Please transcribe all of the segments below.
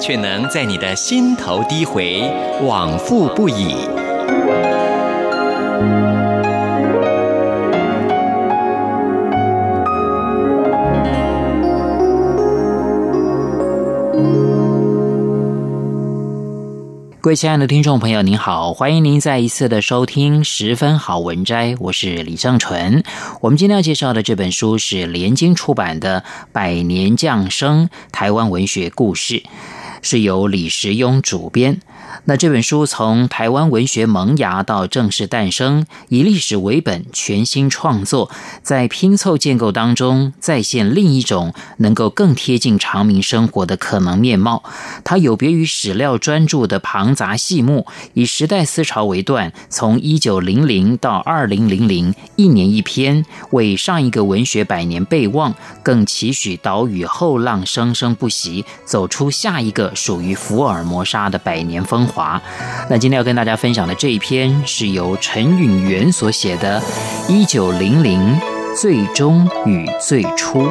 卻能在你的心頭低回，往復不已。各位親愛的聽眾朋友，您好，歡迎您再一次的收聽《十分好文摘》，我是李尚純。我們今天要介紹的這本書是聯經出版的《百年降生：台灣文學故事》。是由李時雍主編。那這本書從台灣文學萌芽到正式誕生，以歷史為本，全新創作，在拼湊建構當中再現另一種能夠更貼近常民生活的可能面貌。它有別於史料專著的龐雜細目，以時代思潮為段，從一九零零到二零零零，一年一篇，為上一個文學百年備忘，更期許島嶼後浪生生不息，走出下一個。屬於福爾摩沙的百年風華。那今天要跟大家分享的這一篇，是由陳允元所寫的《一九零零最終與最初》。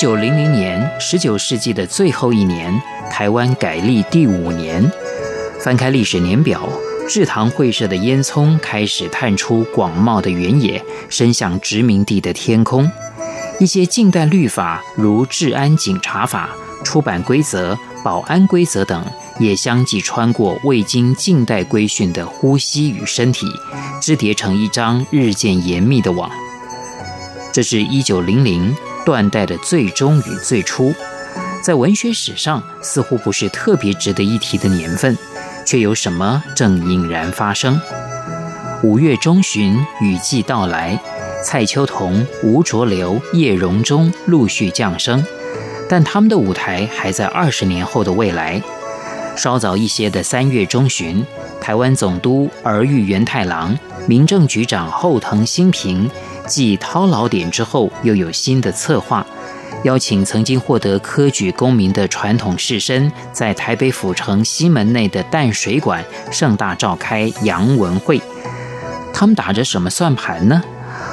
一九零零年，十九世紀的最後一年，台灣改隸第五年。翻開歷史年表，制糖會社的煙囪開始探出廣袤的原野，伸向殖民地的天空。一些近代律法，如《治安警察法》《出版規則》《保安規則》等，也相繼穿過未經近代規訓的呼吸與身體，織疊成一張日漸嚴密的網。這是一九零零。斷代的最終與最初，在文學史上似乎不是特別值得一提的年份，卻有什麼正隱然發生。五月中旬，雨季到來，蔡秋桐、吳濁流、葉榮鐘陸續降生，但他們的舞台還在二十年後的未來。稍早一些的三月中旬，台灣總督兒玉源太郎、民政局長後藤新平。繼饗老典之後，又有新的策劃，邀請曾經獲得科舉功名的傳統士紳，在台北府城西門內的淡水館盛大召開揚文會。他們打着什麼算盤呢？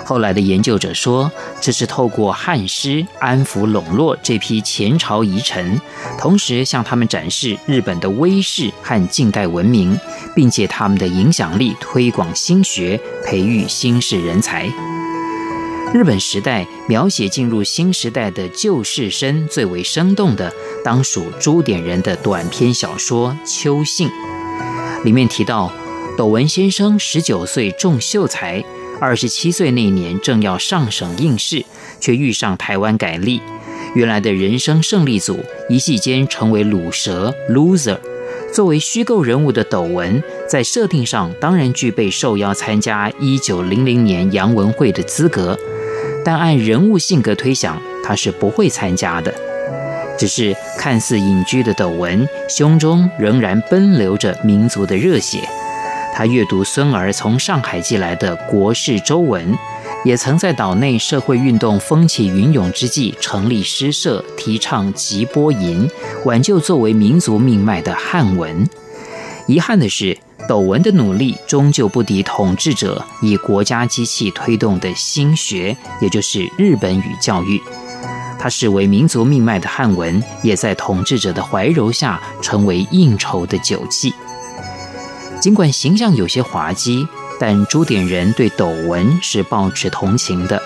後來的研究者說，這是透過漢詩安撫籠絡，絡這批前朝遺臣，同時向他們展示日本的威勢和近代文明，並借他們的影響力推廣新學，培育新式人才。日本時代描寫進入新時代的舊士紳最為生動的，當屬朱點人的短篇小說《秋信》，裡面提到，斗文先生十九歲中秀才，二十七歲那年正要上省應試，卻遇上台灣改隸，原來的人生勝利組一夕間成為魯蛇 loser。作為虛構人物的斗文，在設定上當然具備受邀參加一九零零年揚文會的資格。但按人物性格推想，他是不會參加的。只是看似隱居的斗文，胸中仍然奔流着民族的熱血。他閱讀孫兒從上海寄來的國事周文，也曾在島內社會運動風起雲湧之際成立詩社，提倡擊缽吟，挽救作為民族命脈的漢文。遺憾的是，斗文的努力終究不敵統治者以國家機器推動的新學，也就是日本語教育。他視為民族命脈的漢文，也在統治者的懷柔下成為應酬的酒器。儘管形象有些滑稽，但朱點人對斗文是抱持同情的，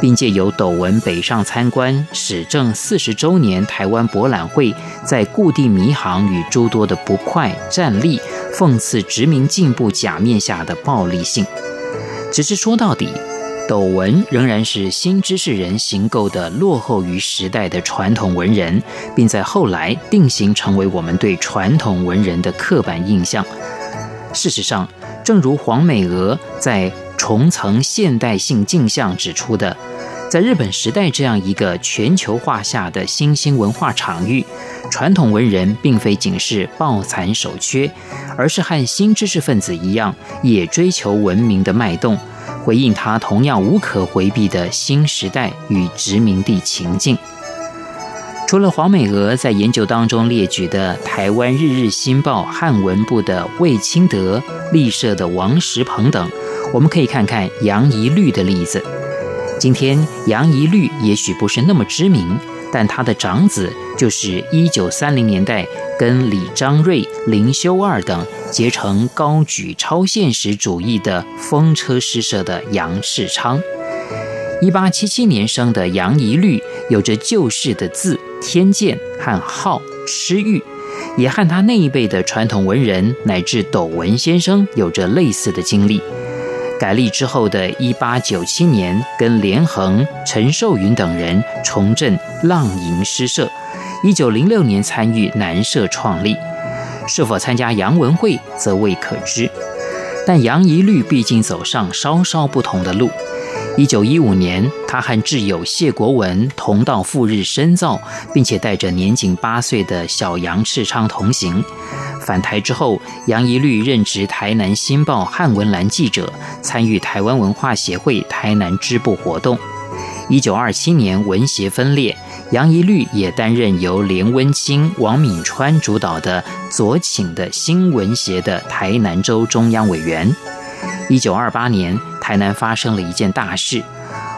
並借由斗文北上參觀始政四十週年台灣博覽會，在故地迷航與諸多的不快戰例。諷刺殖民進步假面下的暴力性，只是說到底，斗文仍然是新知識人形構的落後於時代的傳統文人，並在後來定型成為我們對傳統文人的刻板印象。事實上，正如黃美娥在《重層現代性鏡像》指出的。在日本時代這樣一個全球化下的新興文化場域，傳統文人並非僅是抱殘守缺，而是和新知識分子一樣，也追求文明的脈動，回應他同樣無可迴避的新時代與殖民地情境。除了黃美娥在研究當中列舉的台灣《日日新報》漢文部的魏清德、櫟社的王石鵬等，我們可以看看楊怡綠的例子。今天，楊宜綠也許不是那麼知名，但他的長子就是1930年代跟李張瑞、林修二等結成高舉超現實主義的風車詩社的楊熾昌。1877年生的楊宜綠有着舊式的字天劍和號痴玉，也和他那一輩的傳統文人乃至斗文先生有着類似的經歷。改立之後的1897年，跟連橫、陳壽雲等人重振浪吟詩社；1906年參與南社創立，是否參加楊文會則未可知。但楊一律畢竟走上稍稍不同的路。一九一五年，他和摯友謝國文同到赴日深造，並且帶着年僅八歲的小楊熾昌同行。返台之後，楊一律任職台南新報漢文欄記者，參與台灣文化協會台南支部活動。一九二七年，文協分裂，楊一律也擔任由連溫卿、王敏川主導的左傾的新文協的台南州中央委員。一九二八年，台南發生了一件大事。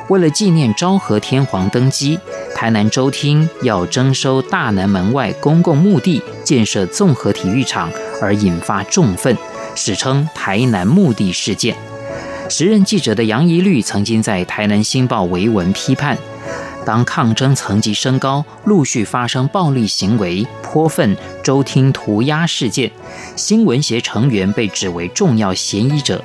為了紀念昭和天皇登基，台南州廳要徵收大南門外公共墓地建設綜合體育場，而引發眾憤，史稱“台南墓地事件”。時任記者的楊怡律曾經在《台南新報》為文批判。當抗爭層級升高，陸續發生暴力行為、潑糞、州廳塗鴉事件，新文協成員被指為重要嫌疑者。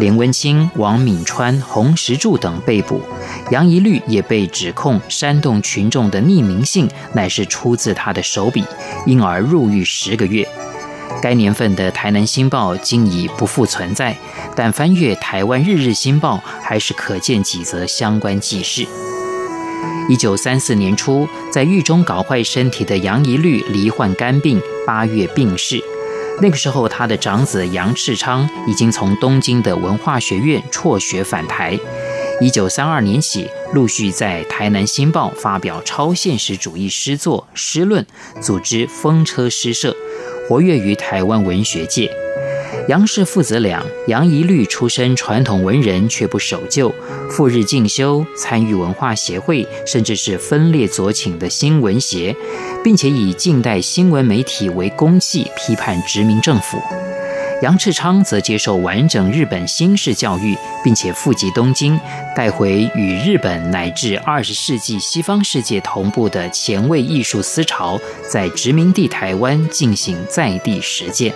林文清、王敏川、洪石柱等被捕，楊宜綠也被指控煽動群眾的匿名信乃是出自他的手筆，因而入獄十個月。該年份的《台南新報》今已不復存在，但翻閱《台灣日日新報》還是可見幾則相關記事。一九三四年初，在獄中搞壞身體的楊宜綠罹患肝病，八月病逝。那個時候，他的長子楊熾昌已經從東京的文化學院輟學返台。一九三二年起，陸續在台南新報發表超現實主義詩作、詩論，組織風車詩社，活躍於台灣文學界。楊氏父子倆，楊宜綠出身傳統文人，卻不守舊，赴日進修，參與文化協會，甚至是分裂左傾的新文協，並且以近代新聞媒體為公器批判殖民政府。楊熾昌則接受完整日本新式教育，並且負笈東京，帶回與日本乃至二十世紀西方世界同步的前衛藝術思潮，在殖民地台灣進行在地實踐。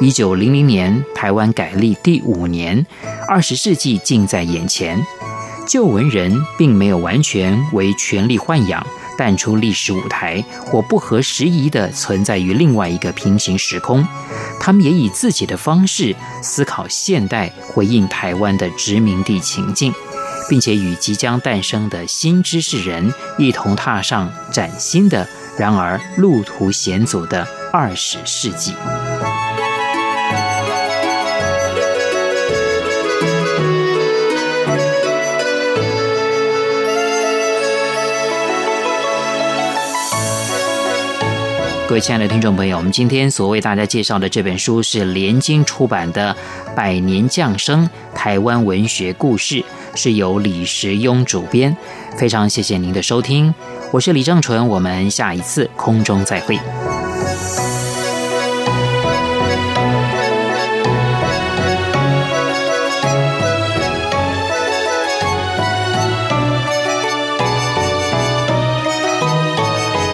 一九零零年，台灣改立第五年，二十世紀近在眼前。舊文人並沒有完全為權力豢養，淡出歷史舞台，或不合時宜地存在於另外一個平行時空。他們也以自己的方式思考現代，回應台灣的殖民地情境，並且與即將誕生的新知識人一同踏上嶄新的，然而路途險阻的二十世紀。各位親愛的聽眾朋友，我們今天所為大家介紹的這本書是聯經出版的《百年降生：台灣文學故事》，是由李時雍主編。非常謝謝您的收聽，我是李正純，我們下一次空中再會。